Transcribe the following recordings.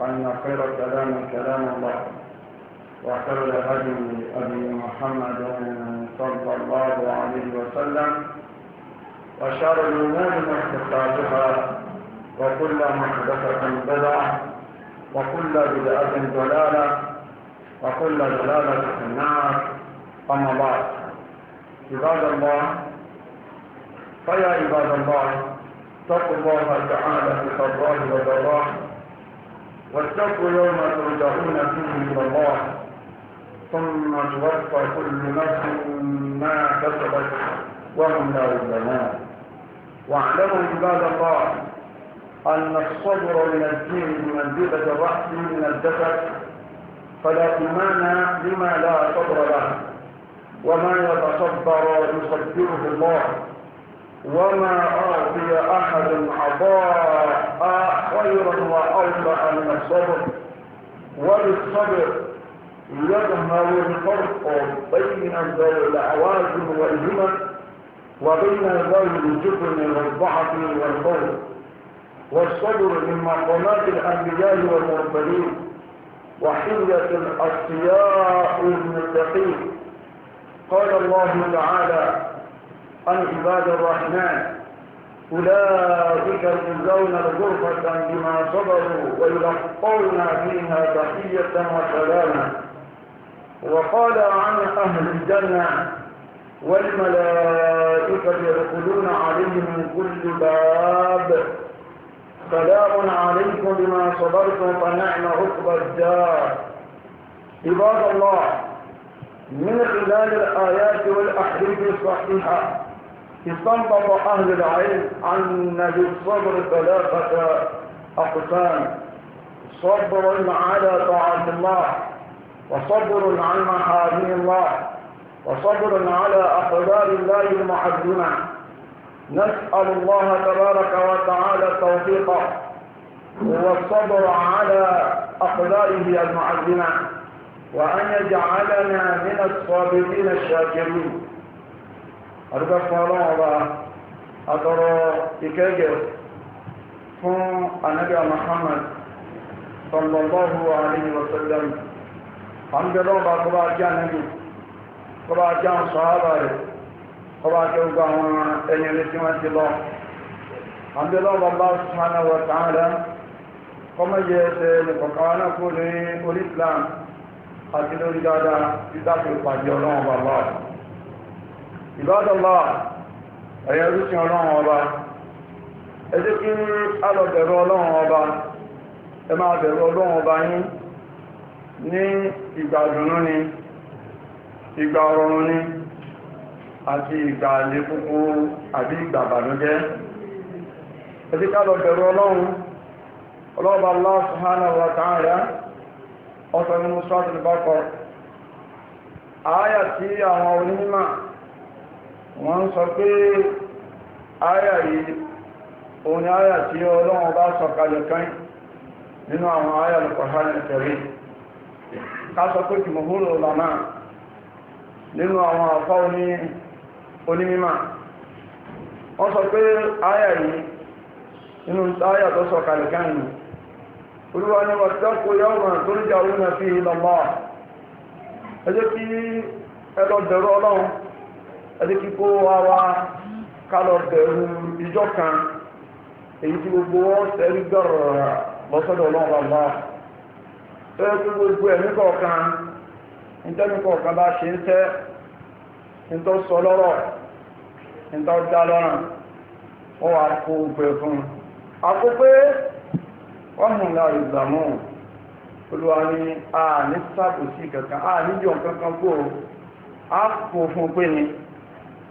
فإن خير الكلام كلام الله وخير الهدي أبي محمد صلى الله عليه وسلم وشر الأمور محدثاتها وكل محدثة بدعة وكل بدعة ضلالة وكل ضلالة في النار أما بعد عباد الله فيا عباد الله اتقوا الله تعالى في خضراه وضراه واتقوا يوم ترجعون فيه الى الله ثم توفى كل نفس ما كسبت وهم لا يظلمون واعلموا عباد الله ان الصبر من الدين بمنزله الراس من الجسد فلا ايمان لما لا صبر له وما يتصبر يصبره الله وما أعطي أحد عطاء خيرا وأوسع من الصبر وبالصبر يظهر الفرق بين ذوي العوازم والهمم وبين ذوي الجبن والضعف والبول والصبر من مقامات الأنبياء والمرسلين وحية الأصفياء المتقين قال الله تعالى عن عباد الرحمن أولئك يجزون الغرفة بما صبروا ويلقون فيها تحية وسلاما وقال عن أهل الجنة والملائكة يدخلون عليهم من كل باب سلام عليكم بما صبرتم فنعم عقبى الدار عباد الله من خلال الآيات والأحاديث الصحيحة استنبط أهل العلم أن للصبر ثلاثة أقسام صبر على طاعة الله وصبر عن محارم الله وصبر على أقدار الله المحزنة نسأل الله تبارك وتعالى التوفيق والصبر على أقداره المعزنة وأن يجعلنا من الصابرين الشاكرين àdúgbò fún ọlọ́wọ́n ọba àtọrọ ìkẹ́gẹ̀ fún anabi Muhammad sallallahu alayhi wa sallam àmúgbẹ́lọ́wọ́ bá kọ́ba ajá níbi kọ́ba ajá ń sọ ábà rẹ̀ kọ́ba ajá ń gba àwọn ẹni rẹ̀ tí wọ́n ti lọ àmúgbẹ́lọ́wọ́ bá subhanahu wa ta'ala ẹsẹ̀ nìkọ̀kan ìbádọ́lá ẹ̀yẹ rúṣin ọlọ́run ọba ẹ kí a lọ ọlọ́run ọba ẹ máa ọlọ́run ọba yín ní ìgbà ni ìgbà ọrọ̀run ni àti ìgbà lè àbí ìgbà bàdújẹ́ ọlọ́run ọlọ́ba wọ́n sọ pé áyà yìí òun ni áyà tí ọlọ́run bá sọ̀kalẹ̀ kan nínú àwọn áyà lọ́pàá ká sọ pé kì mọ̀húrò lọ́nà nínú àwọn àfá onímímà wọ́n sọ pé áyà yìí nínú áyà tó sọ̀kalẹ̀ kan nù olúwa ni wọ́n tó ń jà náà ẹni kíkó wa wá kálọ̀ bẹ̀rù ìjọ kan èyí tí gbogbo wọn sẹ́rí gbọ̀rọ̀ lọ́sọ̀dọ̀ ọlọ́run bàbá tẹ́lẹ̀ tí gbogbo ẹ̀mí kọ̀ọ̀kan ìtẹ́nu kọ̀ọ̀kan bá ṣe ń tẹ́ ìtọ́ sọ lọ́rọ̀ ìtọ́ dá lọ́rùn wọ́n wà kó gbogbo ẹ̀ fún un àkópé wọ́n mú láàrin ìgbàmú olúwa ní àní sábòsí kankan àníjọ kankan kó a kò fún pé ni.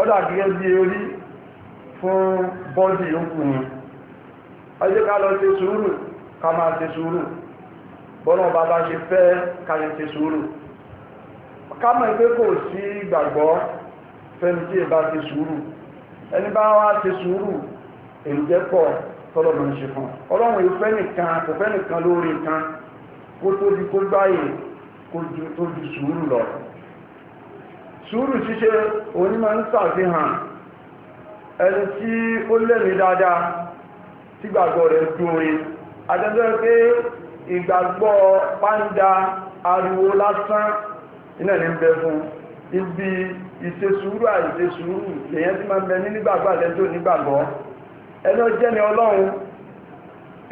ọdá gẹ́gẹ́ bí orí fún bọ́dì yóò ni ọjọ́ ká lọ ṣe sùúrù ká máa ṣe sùúrù bọ́nà bàbá ṣe fẹ́ ká lè ṣe sùúrù ká mọ̀ pé kò sí gbàgbọ́ fẹ́ni tí ẹ bá ṣe sùúrù ẹni bá wá ṣe sùúrù èyí jẹ́ pọ̀ tọ́lọ́mọ̀ ṣe fún ọlọ́run ìfẹ́ nìkan kò fẹ́ nìkan lórí nǹkan kó sùúrù ṣíṣe òní ma ń sàfihàn ẹni tí ó lẹ́mí dáadáa tí gbàgbọ́ rẹ̀ dùnrin àtẹ́jọ́ pé ìgbàgbọ́ pàǹdà ariwo lásán iná ní bẹ fún ibi ise sùúrù àìṣe sùúrù tí ma ń bẹ ní nígbàgbọ́ àtẹ́jọ́ nígbàgbọ́ ẹjọ́ ọlọ́run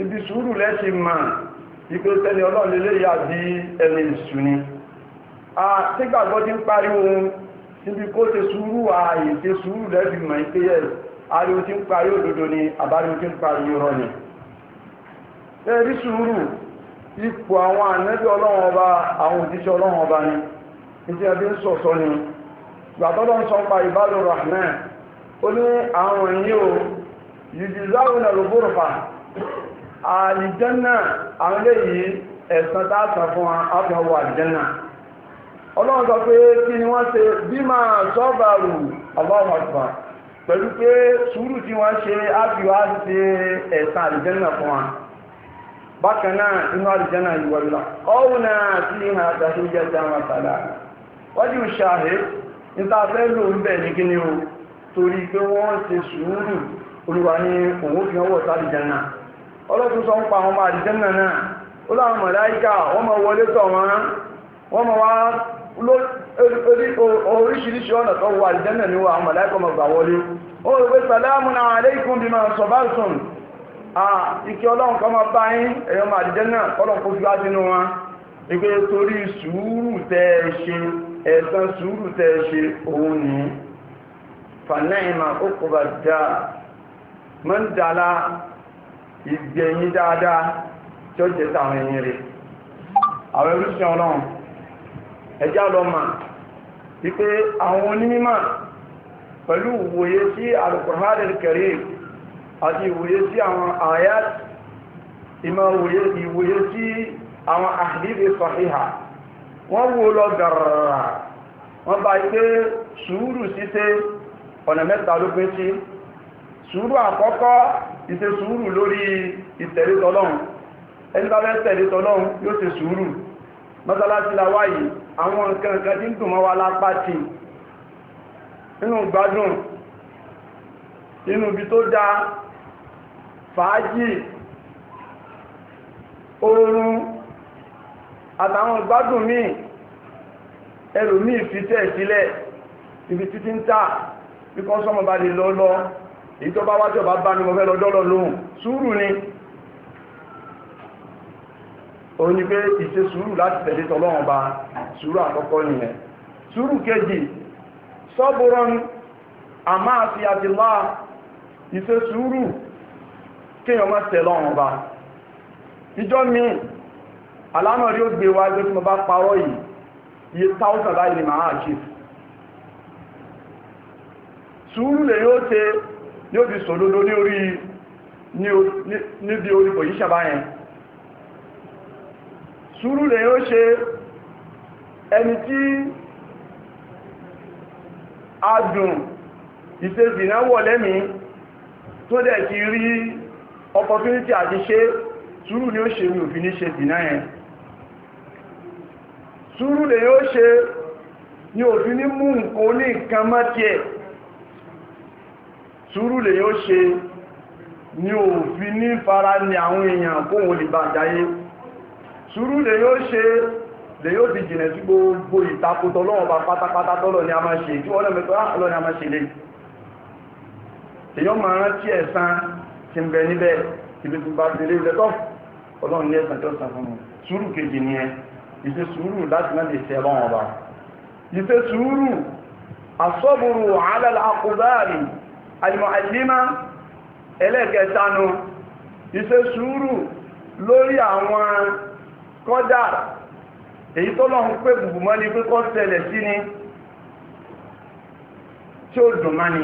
ibi sùúrù mà ni ọlọ́run bí ẹni ìsúni àtígbàgbọ́ ti ń pariwo níbi kó ṣe sùúrù ààyè ṣe sùúrù lẹ́bí mọ̀ ní pé ariwo ti ń pariwo òdodo ni àbáriwo ti ń pariwo rọ ni ẹ̀rí sùúrù ipò àwọn ànẹ́bí ọba àwọn òjíṣẹ́ ọlọ́run ọba ni ni rahman o a ọlọ́run sọ pé kí ni wọ́n ṣe bí máa sọ́bàrù ọlọ́run ọ̀gbà pẹ̀lú pé sùúrù tí wọ́n ṣe ábíwá ṣe ẹ̀sán àlìjẹ́nà fún wa bákan náà inú àlìjẹ́nà ìwọ̀lá ọ̀hún náà sí ìhàn àtàkùn jẹ́ sí àwọn àtàlà wọ́n ti ṣàhé níta fẹ́ lò ń o torí pé wọ́n ṣe sùúrù olùwà ní òun fi ọwọ́ sọ ń pa àwọn ọmọ náà ó wọ́n mọ̀ wá oríṣiríṣi ọ̀nà tó wà àlìjẹ́nà ni àwọn mọ̀láìkọ̀ mọ̀ gbà wọlé ó rò pé sàlámù aláìkùm bímọ sọ̀báṣùn ìkẹ́ ọlọ́run kan máa bá yín ẹ̀yọ́ mọ̀ àlìjẹ́nà ọlọ́run kó fi wá sínú wọn ìgbé torí sùúrù tẹ́ ẹ ṣe ẹ̀san sùúrù tẹ́ ẹ ṣe òun ní fanáìmà ó kò bá dá mọ́ ń dàlá ìgbẹ̀yìn dáadáa tí ó jẹ́ táwọn ẹ̀yìn rẹ̀ àwọn ẹrú sí ọlọ́run ẹjá lọ mà wípé àwọn onímọ̀ pẹ̀lú ìwòye sí Al-Qur'anul Karim àti ìwòye sí àwọn ayat ìmọ̀ ìwòye sí àwọn àdídì sọ̀híhà wọ́n wó lọ gàràrà wọ́n bá ipé sùúrù síse ọ̀nà mẹ́ta ló pín sí sùúrù àkọ́kọ́ ìṣe sùúrù lórí ìtẹ̀lé tọlọ́run ẹni bá fẹ́ tẹ̀lé yóò ṣe sùúrù mọ́sálásí la wáyìí àwọn nǹkan kan tí ń dùn mọ́ wa lápá tì nínú gbádùn nínú ibi tó dáa fàájì oorun àtàwọn gbádùn míì ẹlòmíì fi tẹ̀ sílẹ̀ ibi títí ń tà bí kọ́sọ́mọ̀ bá lè lọ lọ èyí bá ní mo fẹ́ lọ dọ́lọ́ ni òun ni pé ìṣe sùúrù láti tẹ̀lé tọ́lọ́run ba sùúrù àkọ́kọ́ nìyẹn sùúrù kejì sọ́bùrọ̀n àmá àti àtìlá ìṣe sùúrù kéèyàn má tẹ̀lọ́run ba ìjọ mi àlámọ̀ rí ó gbé wa gbé tí mo bá parọ́ yìí iye táwùsàn láì ní màá orí ní bí sùúrù lè ó ṣe ẹni tí adùn ìṣesì náà wọ̀ lẹ́mí tó dẹ̀ ti rí àti ṣe lè ó ṣe mi òfin ní ṣe dìná yẹn sùúrù lè ó ṣe ni òfin ní mú nǹkan ní nǹkan lè ó ṣe ní fara sùúrù lè yóò ṣe lè yóò ti jìnà sí gbogbo ìtakùtọ̀ lọ́wọ́ bá pátápátá tọ́lọ̀ ní a máa ṣe tí wọ́n lọ́mọ tó lọ́ ní a máa ṣe lè èèyàn máa rántí ẹ̀san ti ń bẹ níbẹ̀ ibi tó bá ti lé ilẹ̀ tọ́ ọlọ́run ní ẹ̀san tó sàn fún un sùúrù kejì ni ẹ ìṣe sùúrù láti má lè ṣe ọlọ́run ọba ìṣe sùúrù asọ́bùrù alẹ́ àkùbáàrì àjùmọ̀ àjímá ẹlẹ́ẹ̀kẹta nu ìṣe sùúrù lórí àwọn kọ́dà èyí tó lọ́hùn pé bùbùmọ́ ni pé kọ́ ṣẹlẹ̀ sí ni tí ó dùn má ni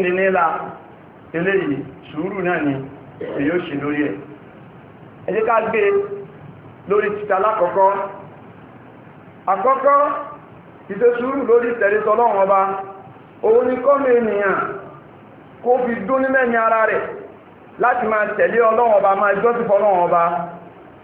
ní nílá eléyìí sùúrù náà ni èyí ó ṣe lórí ẹ̀ ẹ ká gbé lórí lákọ̀ọ́kọ́ àkọ́kọ́ ìṣe sùúrù lórí tẹ̀lé ni kọ́mọ ènìyàn kó fi dún ní ara rẹ̀ láti máa tẹ̀lé ọlọ́wọ́n ọba máa fọlọ́wọ́n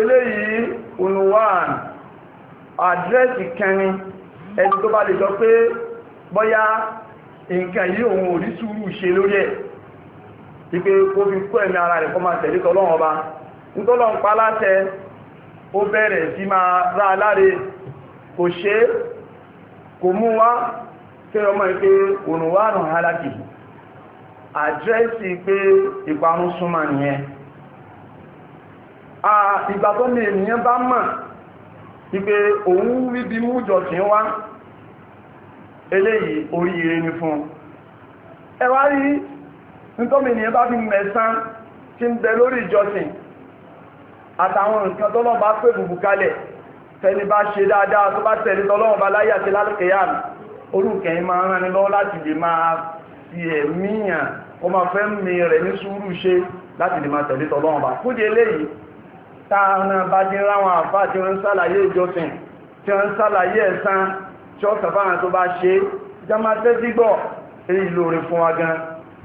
eléyìí unwan àdírẹ́sì kẹrin ẹni tó bá lè sọ pé bọ́yá nǹkan yìí òun ò rí ṣe lórí ẹ̀ ipe kó fi kó ẹ̀mí ara rẹ̀ kó máa tẹ̀lé tọ́lọ́wọ́n ọba nítọ́lọ́n pa láṣẹ ó bẹ̀rẹ̀ sí máa rá aláre kò ṣe kò mú wá pé ọmọ ìpé ònùwárùn halaki àdírẹ́sì pé ìparun súnmọ́ nìyẹn ìgbà tó ní ènìyàn bá mọ̀ ìpè òun wíbi mújọ tí wá eléyìí oríire ni fún ẹ wá rí nítorí ènìyàn bá fi mẹ̀sán tí ń bẹ lórí ìjọsìn àtàwọn nǹkan tọ́lọ́ bá pè bùbù kalẹ̀ tẹni bá ṣe dáadáa tó bá tẹ̀lé tọ́lọ́wọ́ bá láyé àti lálùkẹ́yà orúkẹ́yìn máa ń rán ni lọ́wọ́ láti lè máa fi ẹ̀míyàn ọmọ fẹ́ mi rẹ̀ ní sùúrù ṣe láti lè máa tẹ̀lé tọ́lọ́wọ́ bá kúdé eléyìí táwọn abájẹ́ láwọn àfá tí wọ́n ń sàlàyé ìjọsìn tí wọ́n ń sàlàyé ẹ̀san tí ó sàfáhàn tó bá ṣe jámátẹ́ dígbọ̀ èyí lóore fún wa gan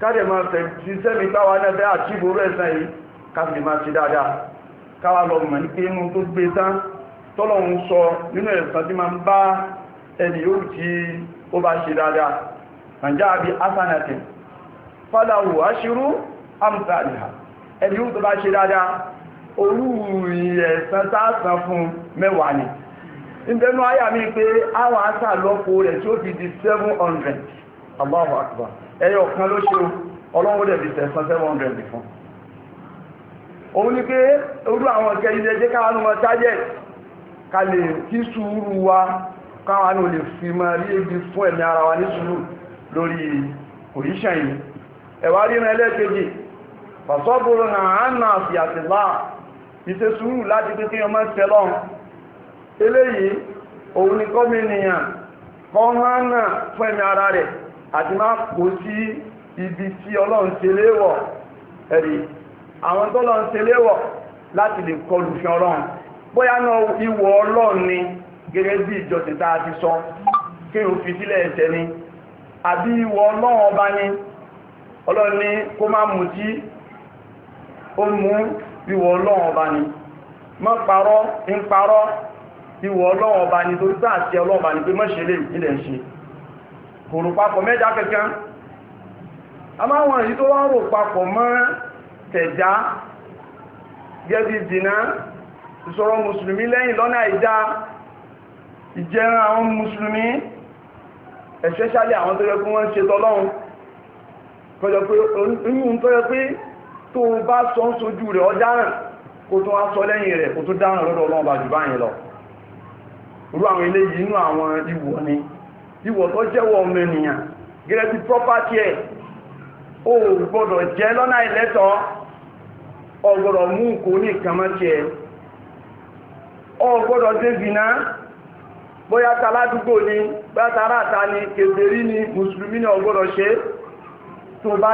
káàdẹ̀ máa fẹ̀ tí sẹ́mi táwa náà fẹ́ àtìbò rẹ̀ sàn yìí káàdẹ̀ máa ṣe dáadáa káwa lọ mọ̀ ní pé inú tó gbé tán tọ́lọ́hun sọ nínú ẹ̀san tí máa ń bá ẹni yóò tí ó bá ṣe dáadáa nàìjá àbí asanatin fọ́láwò aṣírú amtaliha ẹni yóò tó bá ṣe dáadáa olúwì ẹ̀sán sáàsán fún mẹ́wàá ni ìbẹ̀nu ayà mi pé àwọn àṣà lọ́pọ̀ rẹ̀ di 700 kan ló ṣe ọlọ́wọ́ dẹ̀ fún òun ni pé orú àwọn jẹ́ kí sùúrù wa fi mọ́ rí ebi fún ẹ̀mí ara wa ní sùúrù lórí kòríṣàn yìí ìṣe sùúrù láti pé kí ọmọ ṣe lọ́n eléyìí òun ni kọ́mìnìyàn kọ́hánà fún ẹ̀mí ara rẹ̀ àti máa kó sí ibi tí ọlọ́run ṣe léwọ̀ ẹ̀rí àwọn tó lọ́n ṣe léwọ̀ láti lè kọlù fi ọlọ́run bóyá náà ìwọ̀ ọlọ́run ni gẹ́gẹ́ bí ìjọsìn tá a ti sọ kí o fi sílẹ̀ ẹ̀ṣẹ̀ ni àbí ìwọ̀ ọlọ́run ọba ni ọlọ́run ni kó má mutí ó mú ìwọ ọlọ́run ọba ni má parọ́ ń parọ́ ìwọ ọlọ́run ọba ni torí bá àti ọlọ́run ọba ni pé mọ́ṣe lè ilẹ̀ ṣe kò rò papọ̀ mẹ́ta kankan a máa wọn èyí tó wá rò papọ̀ mọ́ tẹ̀dá gẹ́bí ìdìná ìsọ̀rọ̀ mùsùlùmí lẹ́yìn lọ́nà ìdá ìjẹran àwọn mùsùlùmí especially àwọn tó yẹ kí wọ́n ṣe tọ́lọ́run kọjọ pé oyún tó yẹ pé tó bá sọ ń sojú rẹ̀ ọjáràn kó tó wá sọ lẹ́yìn rẹ̀ kó tó dáràn lọ́dọ̀ ọlọ́run bá báyìí lọ rú àwọn yìí inú àwọn ìwọ̀ ni ìwọ̀ tó jẹ́wọ́ ọmọ ènìyàn gẹ́gẹ́ property ẹ̀ gbọ́dọ̀ jẹ́ lọ́nà ọgbọ́dọ̀ mú ni bóyá tó bá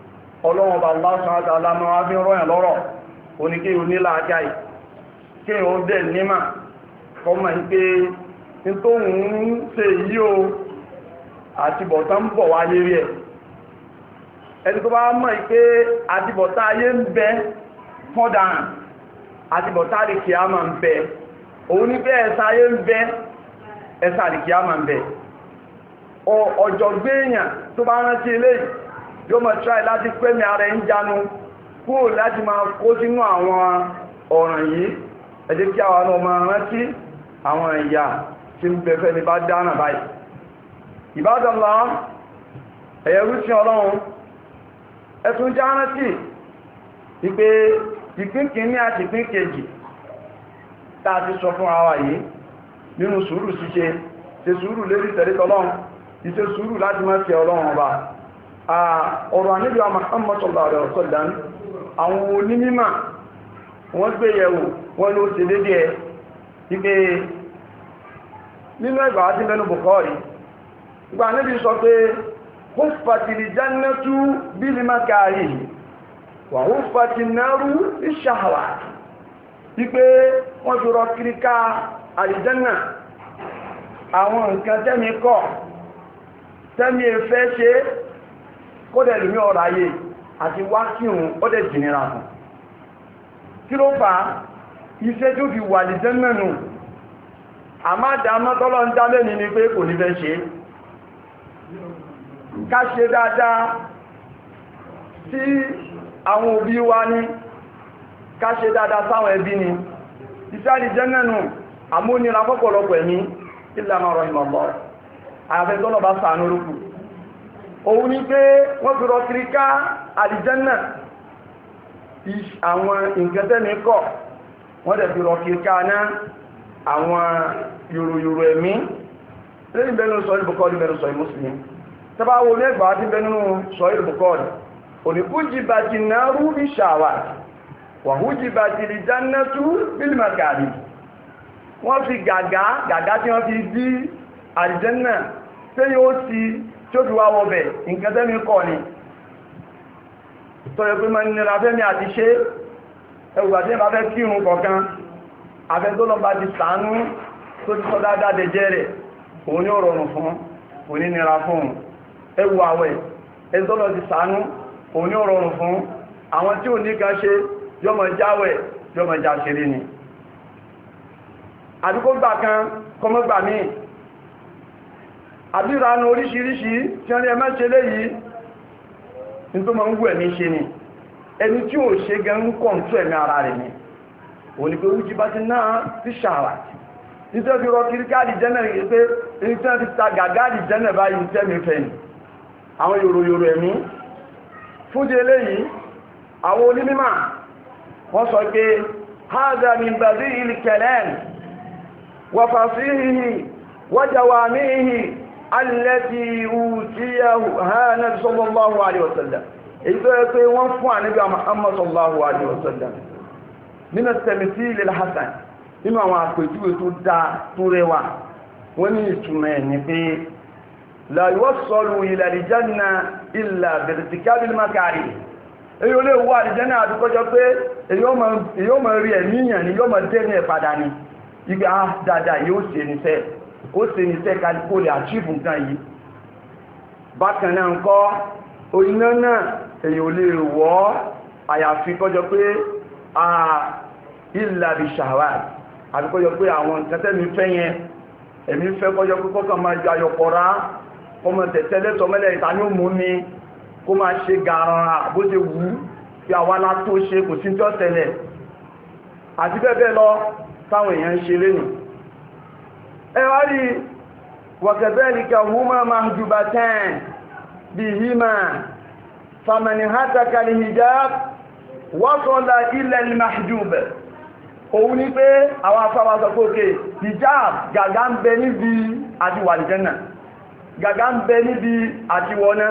ọlọ́run bá lásán àtàlámọ́ wá fi rọ́yàn lọ́rọ̀ oníkí onílà ajáì kí o dẹ̀ nímà kọmọ ìpé nítòhun ń ṣe yí o àtibọ̀tá ń bọ̀ wáyé rí ẹ̀ ẹni tó bá mọ̀ ìpé àtibọ̀tá ayé ń bẹ fọ́dàn àtibọ̀tá àdìkìámà ń bẹ òun ní pé ẹ̀sà ayé ń bẹ ẹ̀sà àdìkìámà ń bẹ ọ̀jọ̀gbéèyàn tó bá rántí eléyìí yóò máa try láti pẹ́mi ara ẹ̀ ń jánu kúrò láti máa kó sínú àwọn ọ̀ràn yìí ẹ jẹ́ kí àwa náà máa rántí àwọn ìyà tí ń bẹ fẹ́ni bá dáná báyìí ìbádàn lọ ẹ̀yẹ̀rú sí ọlọ́run ẹ̀tún já rántí ìpé ìpínkì ní àti ìpínkèjì tàà ti sọ fún àwa yìí nínú sùúrù ṣíṣe ṣe sùúrù lérí tẹ̀lé tọ́lọ́run ìṣe sùúrù láti máa fi ọlọ́run ọba ọ̀rọ̀ àníbi àwọn Muhammad sallallahu alaihi àwọn onímọ̀ wọ́n gbé yẹ̀wò wọ́n ló ṣe dédé ẹ̀ wípé nínú ẹgbà àti mẹ́nu Bukhari ìgbà níbi sọ pé huffatil jannatu bil makarih wà huffatin naru bish kódẹ̀ lómi ọ̀rọ̀ ayé àti wá kírun ó dẹ̀ jìnira fún kí ló fà á iṣẹ́ tó fi wà lè jẹ́mẹ̀nù àmáda mọ́tọ́lọ́ ń dá lẹ́ni ni pé kò ní fẹ́ ṣe ká ṣe dáadáa sí àwọn òbí wa ní ká ṣe dáadáa sáwọn ẹbí ni iṣẹ́ àlè jẹ́mẹ̀nù àmúnira fọ́pọ̀lọpọ̀ ẹ̀mí ìlànà ọ̀rọ̀ ìmọ̀lọ́ àyàfẹ́ tọ́lọ̀ bá sàánú lókùn òun ni pé wọ́n fi rọkiri ká àlìjẹ́nà àwọn nǹkan tẹ́mi kọ̀ wọ́n dẹ̀ fi rọkiri ká ná àwọn yòròyòrò ẹ̀mí lẹ́yìn bẹ́ẹ̀ nínú sọ́yìn bukọ́ọ̀dì bẹ́ẹ̀ nínú sọ́yìn mùsùlùmí tọ́ba wo ní ẹgbàá ti bẹ́ẹ̀ nínú sọ́yìn bukọ́ọ̀dì òníkújì bàtì náà rúbì ṣàwà wàhújì bàtì lè dáná tú bílímà kàrí wọ́n fi gàgá gàgá tí wọ́n fi dí àlìjẹ́nà tẹ́yìn ó ti tí ó fi wá wọ bẹ̀ nǹkan tẹ́mi kọ̀ ni tọ́yọ̀ pé máa ń nira fẹ́mi àti ṣe ẹwù àti ẹ̀bá fẹ́ kírun kọ̀ọ̀kan afẹ́ tó lọ́ba ti sàánú tó ti sọ dáadáa dẹjẹ́ rẹ̀ òun yóò rọrùn fún kò ní nira fún ẹwù àwẹ̀ ẹni ti sàánú òun yóò rọrùn fún àwọn tí ò ní kan ṣe yọmọ jáwẹ̀ yọmọ jáṣeré ni àdúgbò gbà kan kọmọgbà míì àbíranu oríṣiríṣi tí wọ́n ní ẹmẹ́ ṣe léyìí ní tó máa ń wù ẹ̀mí ṣe ni ẹni tí ò ṣe gan ń kọ̀ǹtú ẹ̀mí ara rẹ̀ ni òun ni pé wújí bá ti náà ti ṣàrà nítorí fi rọ kiri káàdì jẹ́nà yìí pé ní tí wọ́n ta gàgáàdì jẹ́nà báyìí tẹ́mi fẹ́ ni àwọn yòròyòrò ẹ̀mí fúnjẹ eléyìí àwọn onímọ̀ wọ́n sọ pé هذا من بديع الكلام وفصيحه وجوامعه alẹ́bí utíyahu ha nabi sallallahu alayhi wa sallam èyí tó yẹ pé wọ́n fún ànábì Muhammad sallallahu alayhi wa sallam nínú sẹ̀mìtì ilẹ̀ hasan nínú àwọn àpèjúwe tó dáa tó rẹwà wọ́n ní ìtumọ̀ ẹ̀ ní pé la yuwassalu ila aljanna illa birtikabil makari èyí ó lè wọ àlìjánná pé èyí ó mọ̀ rí ẹ̀mí yàn ni yóò mọ̀ dé ní ẹ̀padà ni ibi àdáadáa ah, yóò ṣe níṣẹ́ kó se ní sẹ́ka kó lè àchífù nǹkan yìí bákan náà ń kọ́ oyiná náà èyàn lè wọ́ àyàfi kọjọ pé a ìlà bí ṣàwà àti kọjọ pé àwọn nǹkan tẹ́mi fẹ́ yẹn èmi fẹ́ kọjọ pé kọ́kàn máa ju ayọ̀pọ̀ra kọmọ tẹ̀tẹ̀ lẹ́tọ̀mẹ́lẹ̀ ìta ní òmù mi kó máa ṣe gàrànà bó ṣe wù ú àwa látó ṣe kò sí tí ó tẹ̀lẹ̀ àti bẹ́ẹ̀ bẹ́ẹ̀ lọ táwọn èèyàn ń ṣe lénìí ẹwàrí wàkẹ̀bẹ́ẹ̀lìkà húnmọ́ máa jùbà tán bí i hímà fàmàní hátakàlì hijab wọ́sọ̀lá ilẹ̀ mahjúbẹ̀ òun ní pé àwọn afẹ́wàsọ̀kókè hijab gàgá ń bẹ níbi àti wàlìjẹ́nà gàgá ń bẹ níbi àti wọná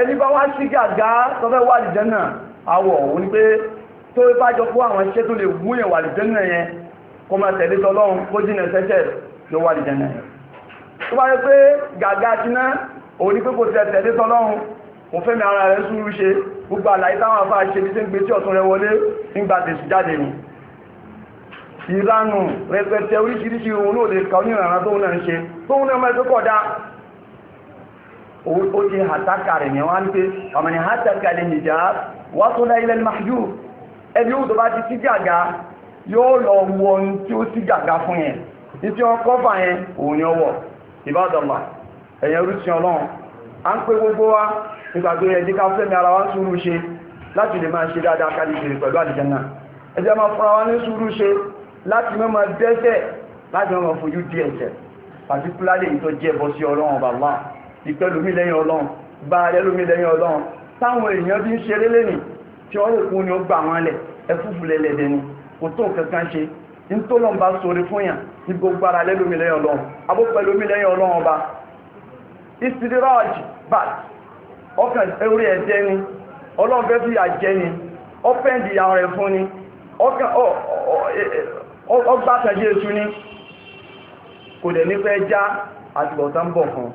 ẹni bá wá sí gàgá tọ́fẹ́ wàlìjẹ́nà àwọ̀ òun ní pé tó bá fún àwọn iṣẹ́ tó lè wàlìjẹ́nà kó máa tẹ̀lé tọ́lọ́run kó jìnà sẹ́sẹ̀ ló wà lìjẹ̀ náà tó bá rí pé gàgà jiná òun ni pé kò tẹ̀ tẹ̀lé tọ́lọ́run kò fẹ́mi ara rẹ̀ sùúrù ṣe gbogbo àlàyé táwọn afá ṣe ní gbé tí ọ̀tún rẹ wọlé nígbà tẹ̀sù jáde nù ìranù ń ṣe tóun náà yóò lọ wọ ohun tí ó sí gàgà fún yẹn ní tí wọ́n kọ́fà yẹn òun yọ wọ̀ ìbádọ́là ẹ̀yẹn rúṣin ọlọ́run à ń pè gbogbo wa nígbà tó yẹ díká fẹ́mi ara wa ń sùúrù ṣe láti lè máa ṣe dáadáa ká lè ṣe pẹ̀lú àlìjẹ́nà ẹ jẹ́ máa fúnra wa ní sùúrù ṣe láti mọ́ máa dẹ́ṣẹ̀ láti mọ́ máa fojú di ẹ̀ṣẹ̀ pàtíkúlálẹ̀ ìtọ́ jẹ́ bọ́ sí ọlọ́run bàbá ìpẹ́lómi lẹ́yìn ọlọ́run bá alẹ́lómi lẹ́yìn ọlọ́run táwọn èèyàn bí ń ṣeré lẹ́nìí tí wọ́n lè kún ni ó gbà wọn lẹ̀ ẹfúfù lẹ́lẹ́dẹ́ ni kò tó nǹkan kan ṣe ntọ́lọ́n bá sọ̀rọ̀ fún yàn ní gbogbo ara ọlọ́run abó pẹ̀lú ọlọ́run ọba bá ọkàn orí ẹ̀jẹ̀ ni ọlọ́run fi àjẹ́ ni ọ́pẹ́ǹdì ìyá rẹ̀ fún ni ọgbà èṣù ni kò dẹ̀ ní fẹ́ já bọ̀ fún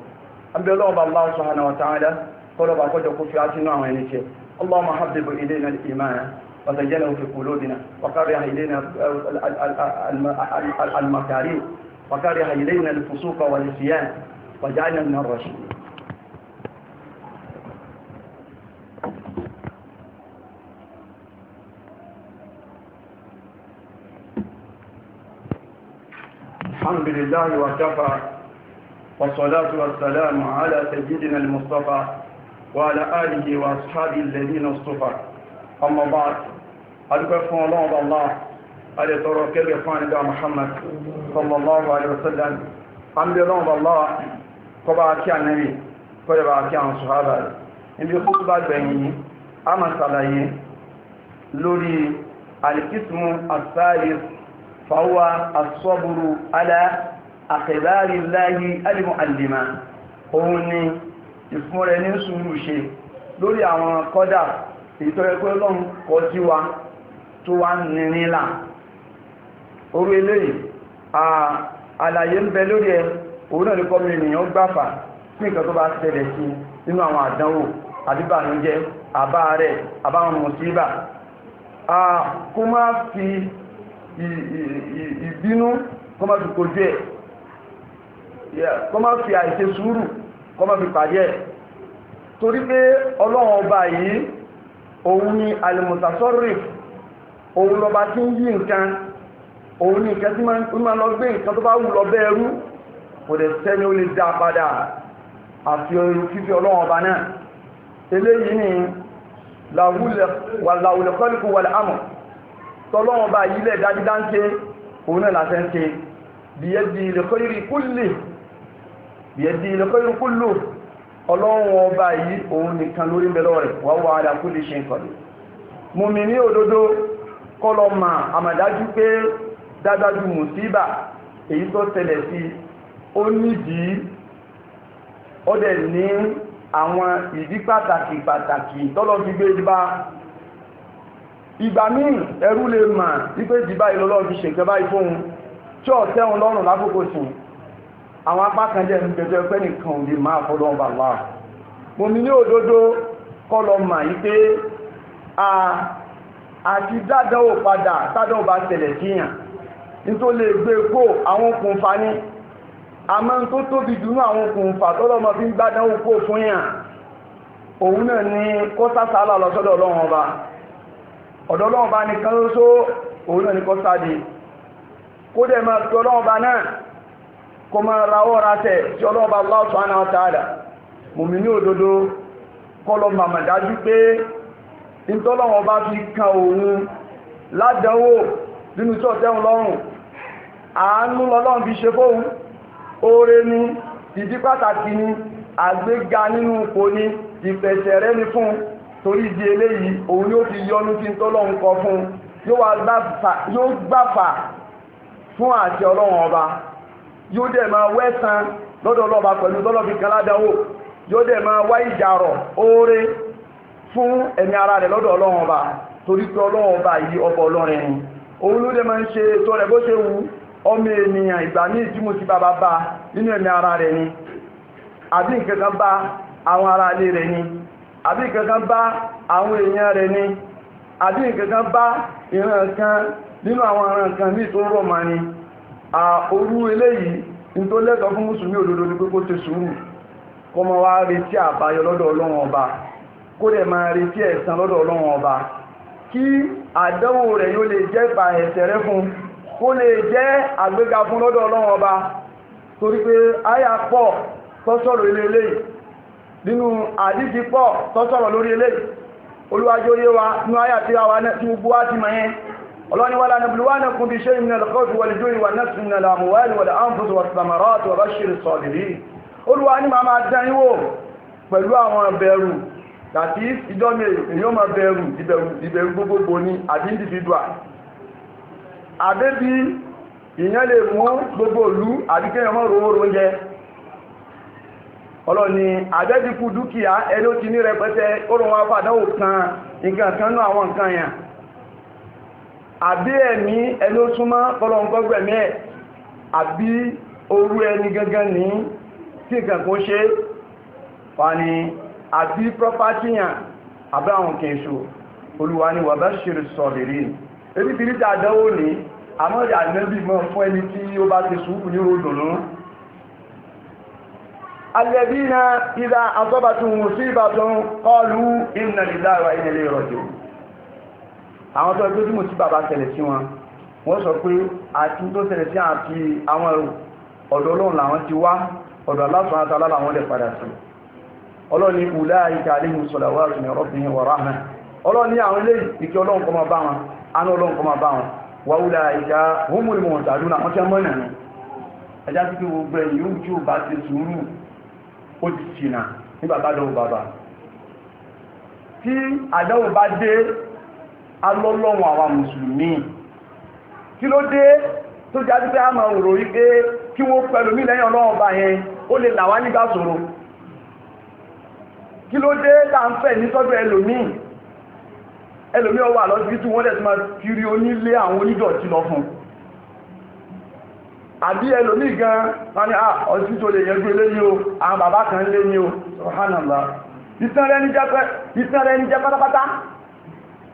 وزينه في قلوبنا وكره إلينا المكارم وكره إلينا الفسوق والنسيان وجعلنا من الرشيد الحمد لله وكفى والصلاة والسلام على سيدنا المصطفى وعلى آله وأصحابه الذين اصطفى أما بعد أدوك فون الله والله أدي ترى كيف يفعل محمد صلى الله عليه وسلم أم بلون والله قبع كي النبي قبع كي عن صحابة إن بخطبة بيني أما صلاحي لوري القسم الثالث فهو الصبر على أقبال الله المؤلمة òun ni ìfún rẹ̀ ní sùúrù ṣe lórí àwọn kọ́dà ìtọ́ ẹgbẹ́ ọlọ́run kọjú wa tó wá nìrìnlá orí eléyìí àlàyé ń bẹ lórí ẹ òun náà lè kọ́ mi ènìyàn gbáfà sí nǹkan tó bá ṣẹlẹ̀ sí nínú àwọn àdánwò àdíbànújẹ́ àbá rẹ̀ àbáwọn mùsíbà kó má fi ìbínú kó má fi kojú ẹ̀ kó má fi àìṣe sùúrù kó má fi pàdé ẹ̀ torí pé ọlọ́run ọba yìí òun ni alimutasọ́rì òun lọba tí ń yí nǹkan òun ni nǹkan tí máa lọ gbé nǹkan tó bá wù lọ bẹ́ẹ̀ rú kò dẹ̀ sẹ́ni ó lè dá padà àfi ọ̀rọ̀ fífi ọlọ́wọ́n ọba náà eléyìí ni làwùlẹ̀ kọ́lùkù wọlé àmọ̀ tọ́lọ́wọ́n ọba yìí lẹ̀ dájú dáńké òun náà làṣẹ ń ṣe bìyẹ́ di bìyẹ́ di ilẹ̀kọ́ yìí kúlù ọlọ́run ọba yìí òun nìkan lórí ń bẹ lọ́wọ́ rẹ̀ wà wà ala kulli shay'in qadir mùmínì òdodo kọlọ mà àmàdájú pé dájú mùsíbà èyí tó tẹlẹ̀ sí ó nídìí ó dẹ̀ ní àwọn ìdí pàtàkì pàtàkì tọ́lọ́ fi gbé dìbà ìgbà míì ẹrú lè mà wípé dìbà ìlọ́lọ́ fi ṣèǹkẹ́ báyìí fóun tí ọ̀tẹ́ òun lọ́rùn lákòókò sùn àwọn apá kan jẹ́ ìjọjọ́ pẹ́ nìkan òde máa fọ́dọ̀ ọba wa mo ní ní òdodo kọ́ lọ mà yí pé àti dádánwò padà dádánwò bá tẹ̀lẹ̀ síyàn nítorí lè gbé kó àwọn okùnfà ní àmọ́ tó tóbi dùnú àwọn okùnfà tọ́lọ́mọ fi ń gbádánwò kó fún yàn òun náà ni kọ́sásálà lọ́sọ́dọ̀ ọlọ́run ọba ọ̀dọ̀ ọlọ́run ọba nìkan ló só òun náà ni kọ́sáde kó dẹ̀ máa tó ọba náà kó máa ra ọ́ra tẹ̀ tí ọlọ́ba Allah subhanahu wa ta'ala mùmíní òdodo kọlọ màmà dájú pé ìtọ́lọ́wọ́n bá fi kan òun ládánwò nínú tí ọ̀tẹ́hùn lọ́rùn àánú lọ́lọ́run fi ṣe fóun oore ni ìdí pàtàkì ni àgbéga nínú ipò ni ìpẹ̀sẹ̀ rẹ̀ ni fún torí ìdí eléyìí òun yóò fi yọnu tí tọ́lọ́run kọ fún yóò gbàfà fún àti ọlọ́run ọba yóò dẹ̀ máa wẹ́sàn lọ́dọ̀ ọlọ́ba pẹ̀lú tọ́lọ́fi kan ládánwò yóò dẹ̀ máa wá ìjàrọ̀ oore fún ẹ̀mí ara rẹ̀ lọ́dọ̀ ọlọ́run ọba torí pé ọlọ́run ọba yìí ọba ọlọ́rin ni òun ló dẹ̀ máa ń ṣe tó rẹ̀ bó ṣe wù ọmọ ènìyàn ìgbà ní ìdí mo ti bá nínú ẹ̀mí ara rẹ̀ ni àbí nǹkan kan bá àwọn ará ilé rẹ̀ ni àbí nǹkan kan bá àwọn èèyàn rẹ̀ ni àbí nǹkan kan bá ìran kan nínú àwọn ìran kan ní ìtòrò ọmọ ni àorú eléyìí ní tó lẹ́tọ̀ọ́ fún mùsùlùmí òdodo ni pé kó ti sùúrù kó máa wá retí àbáyọ lọ́dọ̀ ọlọ́run ọba kó dẹ̀ máa retí ẹ̀san lọ́dọ̀ ọlọ́run ọba kí àdánwò rẹ̀ yóò lè jẹ́ ìpa ẹ̀ṣẹ̀ rẹ̀ fún kó lè jẹ́ àgbéga fún lọ́dọ̀ ọlọ́run ọba torí pé àyà pọ̀ tọ́sọ̀rọ̀ ilé eléyìí nínú àdíjì pọ̀ tọ́sọ̀rọ̀ lórí eléyìí olúwájú orí wa nínú àyà tí wọ́n wá tí gbogbo wá ti mọ̀ yẹn ọlọ́ni ولا lánàá بشيء من kún bí ṣe من lọ́kọ́tù wà lójú ìwà náà tún nàlá àmúwárí wà láàmfus wà samarat wà bá ṣírí sọ̀lìrí olúwa ní màá máa dán yín wò pẹ̀lú àwọn ìbẹ̀rù àti ìjọ́mi èyí ó máa bẹ̀rù ìbẹ̀rù gbogbogbò ní àbí individual àbẹ́bí ìyẹn lè mú gbogbo òlú àbí kéèyàn mọ́ ọlọ́ni àbẹ́bí dúkìá ẹni ó ti ní rẹpẹtẹ ó rún wọn fàdánwò kan nǹkan kan náà àwọn nǹkan yẹn àbí ẹ̀mí ẹni ó súnmọ́ kọ́lọ́nkọ́gbẹ̀mí ẹ̀ àbí orú ẹni gangan ní tí nǹkan kó ṣe fani àbí property yàn àbí olúwa ni wà bá ṣeré sọ̀rẹ̀rẹ̀ ebi tìrí tí àdánwò ní àmọ́ ìdánilẹ́bí mọ́ fún ẹni tí ó bá ti sùúrù ní ròdùnú alẹ́bí na ìdá asọ́bàtún sí ìbàtún kọlu ìnà ìdára àwọn tó ẹgbẹ́ tí mo ti bàbá tẹ̀lẹ̀ sí wọn wọ́n sọ pé àti tó tẹ̀lẹ̀ sí àti àwọn ọ̀dọ̀ ọlọ́run làwọn ti wá ọ̀dọ̀ aláṣọ àtàlá làwọn lè padà sí ọlọ́ni ìwùlá ìka àléhùn sọ̀lá wà ní ọ̀rọ̀ fi hàn wọ̀rá hàn ọlọ́ni àwọn ilé ìkẹ́ ọlọ́run kọ́ máa bá wọn àánú ọlọ́run kọ́ máa bá wọn wà wùlá ìka wọ́n mú ìmọ̀ ọ̀tàdún náà wọ́n ti mọ́ ìnànà ẹjá sí pé gbogbo ẹ̀yìn yóò jù bá ti sùúrù ó ti sìnà alọ́lọ́run àwa mùsùlùmí kí ló dé tó jáde pé a máa rò rí pé kí wọ́n pẹ̀lú mí lẹ́yìn ọlọ́run bá yẹn ó lè là wá nígbà ṣòro kí ló dé tá à ń fẹ̀ ní sọ́dọ̀ ẹlòmíì ẹlòmíì ọwọ́ àlọ́sibítù wọ́n dẹ̀ ti ni ọ̀sibítù lè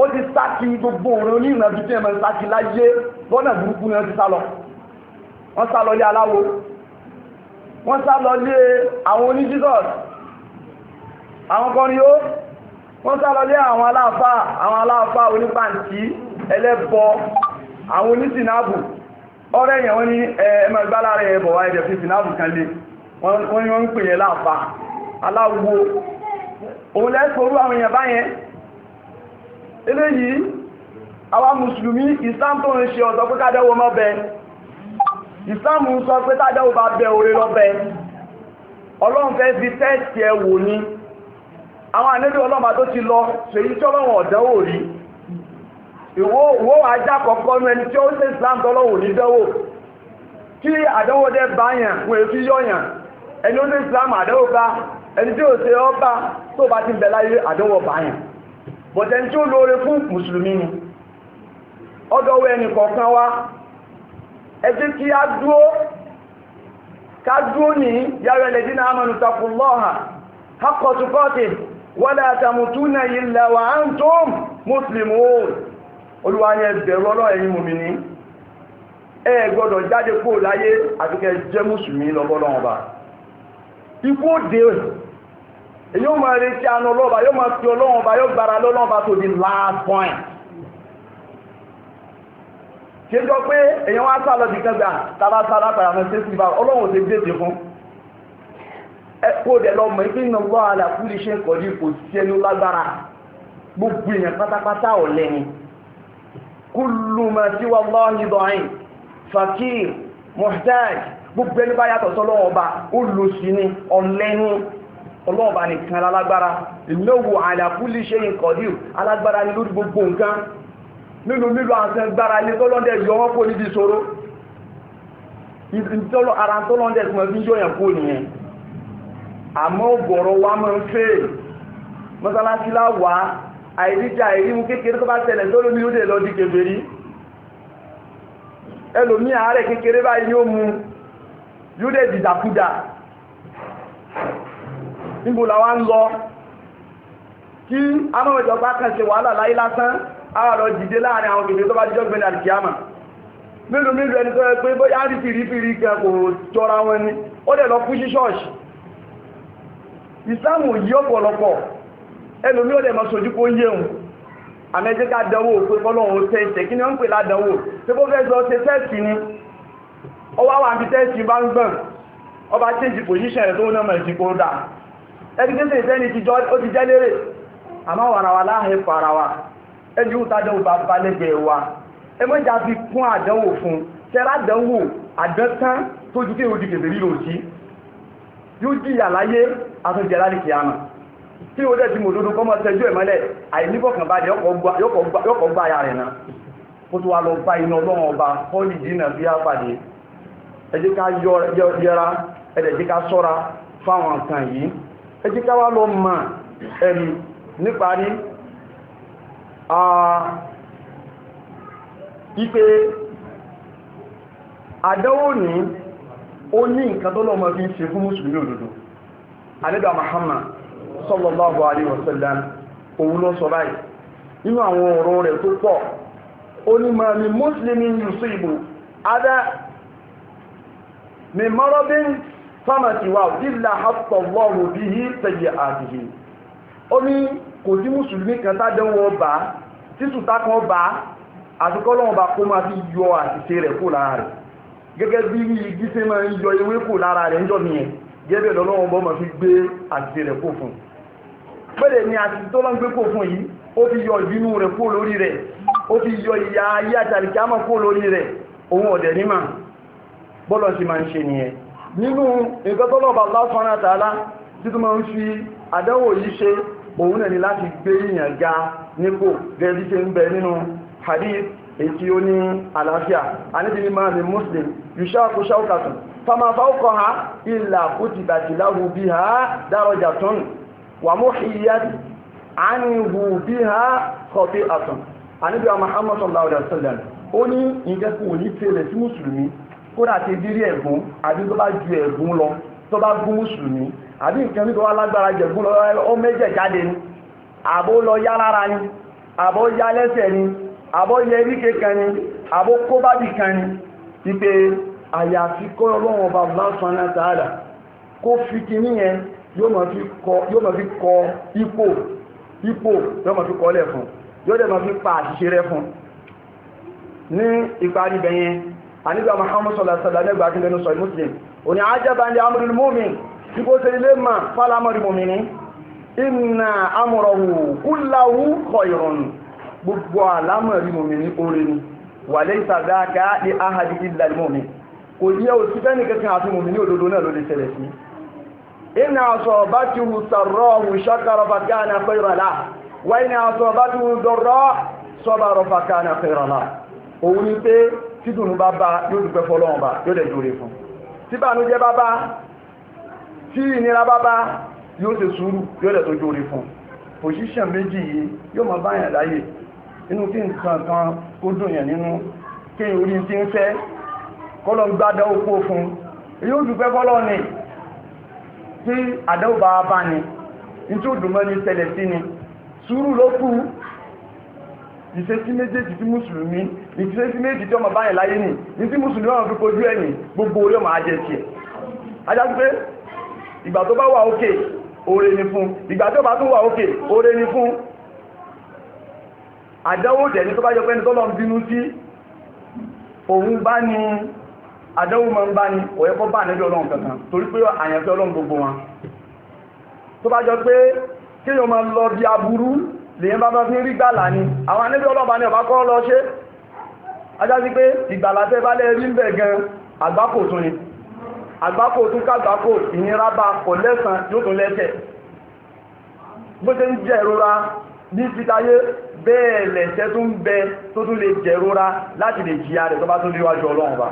ó ti sáàkì gbogbo òun oníran bíi tí ẹ̀ máa ń sáàkì láyé lọ́nà burúkú ni wọ́n ti sá lọ wọ́n sá lọ ilé aláwo wọ́n sá lọ ilé àwọn oní Jesus àwọn kan ni ó wọ́n sá lọ ilé àwọn aláàfà àwọn aláàfà onípàǹtí ẹlẹ́bọ àwọn onísìnàbù ọ̀rẹ́ èèyàn wọ́n ní ẹ̀ẹ́mọ̀ ìgbálára ẹ̀ bọ̀ wá ẹ̀jẹ̀ fi sìnàbù kan lé wọ́n ní wọ́n ń pè yẹn láàfà aláwo òun lẹ́sọ̀rọ̀ àwọn eléyìí àwa mùsùlùmí islam tó ń ṣe ọ̀sọ́ pé kádẹ́wò mọ́ bẹ islam sọ pé kádẹ́wò bá bẹ orí lọ́bẹ ọlọ́run fẹ́ fi tẹ́ẹ̀sì ẹ wò ni àwọn ànẹ́bí ọlọ́mà tó ti lọ ṣèyí tí ọlọ́run ọ̀dẹ́wò rí ìwó ajá kọ̀ọ̀kan ní ẹni tí ó ń ṣe islam tọ́lọ́wò ní dẹ́wò kí àdánwò dẹ́ bá yàn fún èéfí yọ̀yàn ẹni ó ń ṣe islam àdánwò bá ẹni tí ò ṣe ọ́ bá tó bá ti bẹ̀ láyé àdánwò bá yàn bọ̀tẹ̀ tí ó lóore fún mùsùlùmí ni ọdọ̀wọ́ ẹnì kọ̀ọ̀kan Ebe ẹjẹ́ kí á dúó ká dúó ní yára ẹlẹ́dí náà mọ̀nù taqullaha haqqa tuqatih wala tamutunna yóò máa retí àánú ọlọ́ọ̀bà yóò máa fi ọlọ́wọ́n ọba yóò gbára ba to the last point. ṣé jọ pé èèyàn wá sá lọ bí kan gbà tàbátàbá padà mọ́ sẹ́sì bá ọlọ́wọ́n ò ṣe gbèsè fún. ẹ kó dẹ̀ lọ mọ̀ ìpín náà wọ́n àlà kúlì ṣe ń kọ̀dí kò sí ẹnu lágbára gbogbo èèyàn pátápátá ọ̀lẹ ni. kúlù mà sí wa lọ́ọ̀hìn dọ̀hìn fakir muhtaj gbogbo ẹni bá yàtọ̀ sọ́lọ́wọ́n ọba ó lò sí ni ọ̀lẹ ni ọlọ́run bá nìkan alágbára ìnáwó àlàkúlì ṣe ìkọ̀díù alágbára ni lórí gbogbo nǹkan nínú nílò àṣẹ gbára ilé tọ́lọ́dẹ̀ yọ wọ́n kó níbi ìṣòro ara tọ́lọ́dẹ̀ tí wọ́n fi yọ̀yàn kó nìyẹn àmọ́ ọ̀gọ̀rọ̀ wa máa ń fẹ́ mọ́sálásí láwà àìríjà àìrímú kékeré tó bá tẹ̀lẹ̀ tó lómi ó dẹ̀ lọ di kèfèrí ẹlòmí àárẹ̀ kékeré báyìí ni ó yóò dẹ̀ dìdàkudà níbo la wá ń lọ kí amáwẹ̀jọba kan ṣe wàhálà láyé lásán àwọn ọ̀rọ̀ dìde láàrin àwọn kèfèrè tó bá jíjọ́ gbẹ̀rẹ̀ àdìkíyàmà mélòó mélòó ẹni tó yẹ pé bóyá rí fìrífìrí kan kò jọra wọn ni ó dẹ̀ lọ fún sí ṣọ́ọ̀ṣì ìsáàmù yí ọ̀pọ̀lọpọ̀ ẹlòmí ó dẹ̀ mọ́ sojú kó yéhun àmẹ́jẹ́ ká dánwò pé fọ́lọ́hun tẹ́ẹ̀tẹ̀ kí ni wọ́n ń pè ládánwò tí bó fẹ́ lọ ṣe tẹ́ẹ̀tì ni ọwọ́ àwọn àbí tẹ́ẹ̀tì bá ń gbọ̀n ọba change position rẹ̀ tó náà mọ̀ ìdìbò dáa education ìfẹ́ni ó ti jẹ́ lérè àmọ́ wàrà wa láàáhẹ́ fara wa ẹni yóò tájọ́ bá balẹ̀gbẹ̀ wa ẹ mọ́jà fi kún àdánwò fún tẹ́rà àdánwò àdẹ́tán tó ju kéwòn di kèbèrè lò sí yóò jìyà láyé àtúnjẹ láti kìámà tí ó dẹ̀ ti mò dúdú kọ́mọ tẹ́jú ẹ̀ mọ́lẹ̀ àìníkọ̀kan bá yọkọ̀ gbá ya rẹ̀ náà kó tó wá yẹra ẹ jẹ́ fáwọn nǹkan yìí ẹjí káwà lọ mọ̀ ẹ̀m níparí ipe àdánwò ní ó ní nǹkan tó lọ́mọ fi ṣe fún mùsùlùmí wasallam òun ló sọ báyìí nínú àwọn ọ̀rọ̀ rẹ̀ tó pọ̀ ó ní máa ní mùsùlùmí mi fáma ti wà lílà àtọ̀lọ́rùn bí i tẹ̀yẹ àdìhì ó ní kò sí mùsùlùmí kan tádẹ́wọ̀n ọba títùtà kan ọba àtúkọ́lọ́wọ̀n ọba kó máa fi yọ àṣìṣe rẹ̀ kó lára rẹ̀ gẹ́gẹ́ bí igi ṣe máa ń yọ ewé kó lára rẹ̀ níjọ́ nìyẹn gẹ́gẹ́ lọ́lọ́wọ́n ọba máa fi gbé àṣìṣe rẹ̀ kó fún un pẹ́lẹ̀ ni àṣìṣe tó lọ́n gbé kó fún yìí ó fi yọ ìbínú rẹ̀ kó lórí rẹ̀ ó fi yọ ìyà ayé àtàlìkí àmọ́ kó lórí rẹ̀ òun ọ̀dẹ̀ nínú nǹkan tó lọ́ba lásánà tààlà títí máa ń fi àdánwò yìí ṣe òun náà ni láti gbé èèyàn ga nípò gẹ́gẹ́ ṣe ń bẹ nínú hadith èyí tí ó ní àlàáfíà àníbi ní máa ní muslim yushaku shaukatun fama fawqaha illa kutibat lahu biha darajatun wa muhiyat anhu biha khati'atun àníbi Muhammad sallallahu alaihi wasallam ó ní ìjẹ́kù òní tẹ́lẹ̀ sí mùsùlùmí kódà ti dírí ẹ̀gún àbí tó bá ju ẹ̀gún lọ tó bá gún mùsùlùmí àbí nǹkan tó wá lágbára jẹ̀gún lọ ó méjẹ̀ jáde ni àbó lọ yá lára ni àbó yá lẹ́sẹ̀ ni àbó yẹ eríkè kan ni àbó kó bábì kan ni wípé àyàfi kọ́ ọlọ́run ọba lásán náà sáàdà kó fi kinní yẹn yóò máa fi kọ ipò ipò yóò máa fi kọ́ lẹ̀ fún yóò dẹ̀ máa fi pa àṣìṣe rẹ̀ fún ní ìparí bẹ̀yẹn ànígbà Muhammad sallallahu alaihi wasallam lẹ́gbàá akíndẹ́nu sọ muslim òní ajaban li amril mu'min tí kò ṣe ilé mà fálámọ́rì mu'mini inna amrahu kullahu khairun gbogbo àlámọ̀rí mu'mini orin ni wa laysa dhaka li ahadi illa al mu'min kò yẹ òsì fẹ́ni kankan àti mu'mini òdodo náà ló lè ṣẹlẹ̀ sí òun ni pé tí dùnú bá bá yóò dúpẹ́ fọlọ́run bá yóò dẹ̀ jòrè fún tí bànújẹ́ bá bá tí ìnira bá bá yóò ṣe sùúrù yóò dẹ̀ tó jòrè fún pòṣíṣàn méjì yìí yóò máa báyàn láyè inú kí nǹkan kan kó dùn yàn nínú kí orí ti ń fẹ́ kọ́lọ́ ń gbádá okó fún yóò dúpẹ́ fọlọ́ ni tí àdáwò bá bá ni ní tí ó dùn mọ́ ní ṣẹlẹ̀ sí ni sùúrù ló kù ìṣesí méjèèjì tí mùsùlùmí ìtúsẹ́ sí méjì tí ọmọ báyìí láyé nì ní tí mùsùlùmí ọ̀run fi kojú ẹ̀yìn gbogbo orí ọmọ ajẹ́ tiẹ̀ ajá sí pé ìgbà tó bá wà òkè oore ni fún ìgbà tó bá tún wà òkè oore ni fún àdánwò dẹ̀ ní tó bá yọ pé ní tọ́lọ́ ń bínú sí òun bá ní àdánwò máa ń bá ní ọ̀yẹ́kọ́ bá tó bá ni àwọn anábí ọlọ́ba ni ọba kọ́ lọ ṣe ajásí pé ìgbàlàtẹ́ bá lẹ́rí ń bẹ̀ gan àgbákò tún ni àgbákò tún kàgbákò ìnira bá kò lẹ́sàn yóò tún lẹ́sẹ̀ bó ṣe ń jẹ ìrora ní fitaye bẹ́ẹ̀ lẹ̀ṣẹ̀ tún bẹ tó tún lè jẹ ìrora láti lè jìyà rẹ̀ tó bá tún léwájú ọlọ́run bá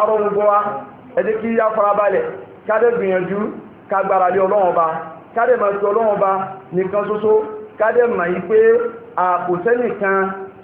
arọ gbogbo wa ẹ jẹ́ kí yá farabalẹ̀ kádẹ́ gbìyànjú kágbára lé ọlọ́run bá kádẹ́ mọ̀ sí ọlọ́run bá nìkan ṣoṣo kádẹ́ mọ̀ yí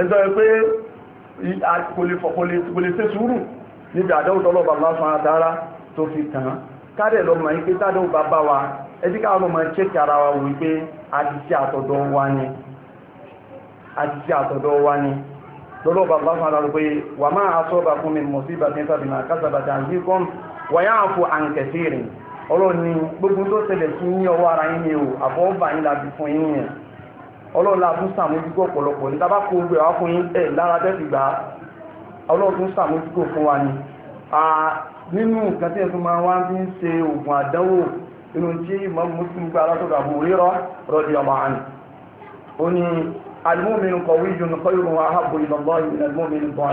ẹ̀sọ́ pé kò lè ṣe sùúrù níbi àdánwò tọ́lọ́ba lásán àdára tó fi tàn án kádẹ̀ lọ mọ̀ ipé tádẹ̀ òbá bá wa ẹjí káwọn ọmọ ṣẹ́kì ara wa wípé àdìsí àtọ̀dọ̀ wa ni àdìsí lásán àdára pé wà máa asọ́ba fún mi mọ̀síbà a ń fi kọ́m wà yá ni gbogbo sí ọlọ́run láà tún sàmójúgbò ọ̀pọ̀lọpọ̀ ní tábà kó gbé wá fún ẹ̀ lára tẹ́sí gbà á tún sàmójúgbò fún wa ni nínú nǹkan tí ẹ̀sùn máa wá ń àdánwò inú tí ìmọ̀ rọ́dí ọmọ ó ní alimómìnú kọ̀wé ìjọba kọ́ ìrùn ahábò ìlọ́lọ́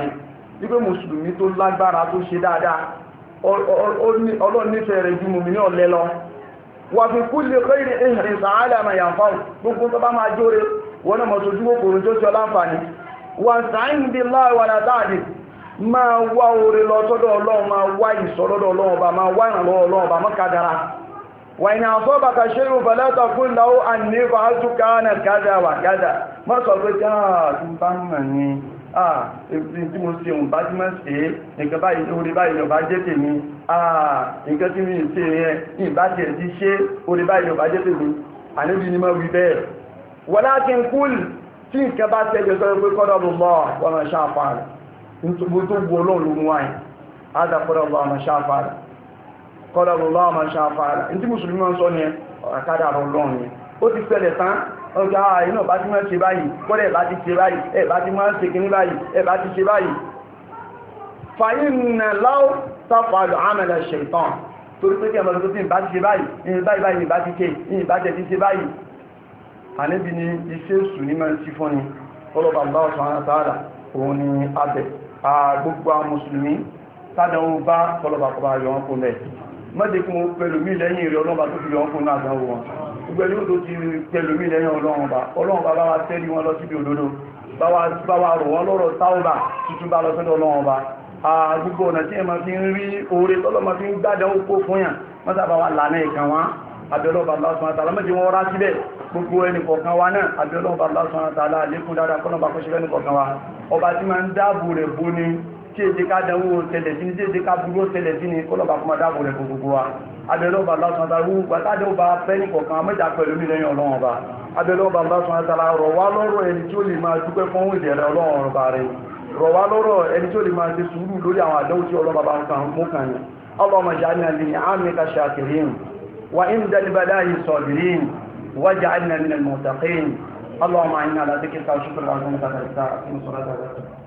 wàfi kúlè kẹ́yìn ìhìn sàálà mà yàn fáwọn gbogbo tó bá máa jóore wọn náà mọ̀tò dúró kòrò tó ṣe láǹfààní wà sáyìn bí láì wà náà dáàdì máa wá oore lọ sọ́dọ̀ ọlọ́run máa wá ìsọ̀rọ̀dọ̀ ọlọ́run ọba máa wá ìrànlọ́wọ́ ọlọ́run ọba mọ́kàdára wà ní àfọ́ bàtà ṣe irú fẹ̀lẹ́tà fún ìdáwó àníbà á tún káánà kádà wà kádà mọ́sọ̀ pé káà tún bá ń ah tí mo ṣe òun bá tí máa ṣe é nǹkan báyìí orí báyìí ọba jẹ́ tèmi ah nǹkan tí mi ṣe yẹn ní ìbáṣẹ ti ṣe orí báyìí ọba jẹ́ tèmi àníbi ni mo wí bẹ́ẹ̀ walakin kúl tí nǹkan bá ṣẹjọ sọ pé kọ́dọ̀ bò bọ́ wọn máa ṣàfà rẹ̀ nítorí tó wu ọlọ́run ló mú wáyé ádà kọ́dọ̀ bò wọn máa ṣàfà rẹ̀ kọ́dọ̀ bò wọn máa ṣàfà rẹ̀ ní tí mùsùlùmí máa ń sọ ni ọ̀rọ̀ kádà ọlọ́run yẹn ó ti ṣẹlẹ̀ tán ọjà ah, iná bá ti máa ṣe báyìí kọ́lẹ̀ bá ti ṣe báyìí ẹ̀ bá ti máa ṣe kíní báyìí ẹ̀ bá ti ṣe báyìí fàyínà láó sáfàlù àmàlà ṣètàn torí pé kí ọmọ tó ti bá ti ṣe báyìí ìyìn báyìí báyìí bá ti ṣe ìyìn bá ti ṣe báyìí àníbi ni iṣẹ́ èṣù ní máa ti fún ni ọlọ́ba bá ọ̀sán àtàrà òun ni abẹ gbogbo àwọn mùsùlùmí sádánwó bá ọlọ́ba kọba yọ wọn kó mẹ́ mọ́dé pẹ̀lú mí lẹ́yìn ìrẹ́ ọlọ́ba tó fi yọ wọn kó náà dánwó wọn gbogbo ẹlú tó ti tẹlómi lẹ́yìn ọlọ́run bá ọlọ́run bá bá wa tẹ́lí wọn lọ síbi òdodo bá wa rò wọ́n lọ́rọ̀ táwọ̀bà tuntun bá lọ sọ́dọ̀ ọlọ́run bá gbogbo ọ̀nà tí ẹ máa fi ń rí oore tọ́lọ́ máa fi ń gbádẹ oko fún yàn wọ́n sábà wa lànà ìkàn wọn abẹ́lọ́ba lásán wọn rá síbẹ̀ gbogbo ẹni kọ̀ọ̀kan wa náà abẹ́lọ́ba lásán àtàlà lékún dáadáa kọ́nàbà kọ́ṣẹ́ lẹ́nu kọ̀ọ̀kan wa ọba tí máa ń dáàbò rẹ̀ bó ni tí èdè ká dánwò tẹ̀lẹ̀ sí ni tí èdè ká burú tẹ̀lẹ̀ sí ni kọ́nàbà kọ́mọ dáàbò rẹ̀ gbogbo wa abẹ́lọ́ba lásánta rú gbàtàdé ọba fẹ́ni kọ̀ọ̀kan mẹ́ta pẹ̀lú mi lẹ́yìn ọlọ́run ọba abẹ́lọ́ba lásánta rọ̀ wá lọ́rọ̀ ẹni tí ó lè máa dúpẹ́ fún ìdẹ̀rẹ̀ ọlọ́run ọba rẹ̀ rọ̀ wá lọ́rọ̀ ẹni tí ó lè máa ṣe sùúrù lórí àwọn àdánwò tí ọlọ́ba bá ń kan mú kan yẹn اللهم اجعلنا من عامك شاكرين وعند البلاء صابرين واجعلنا من المتقين اللهم اعنا على ذكرك وشكرك وعظمتك الاستاذ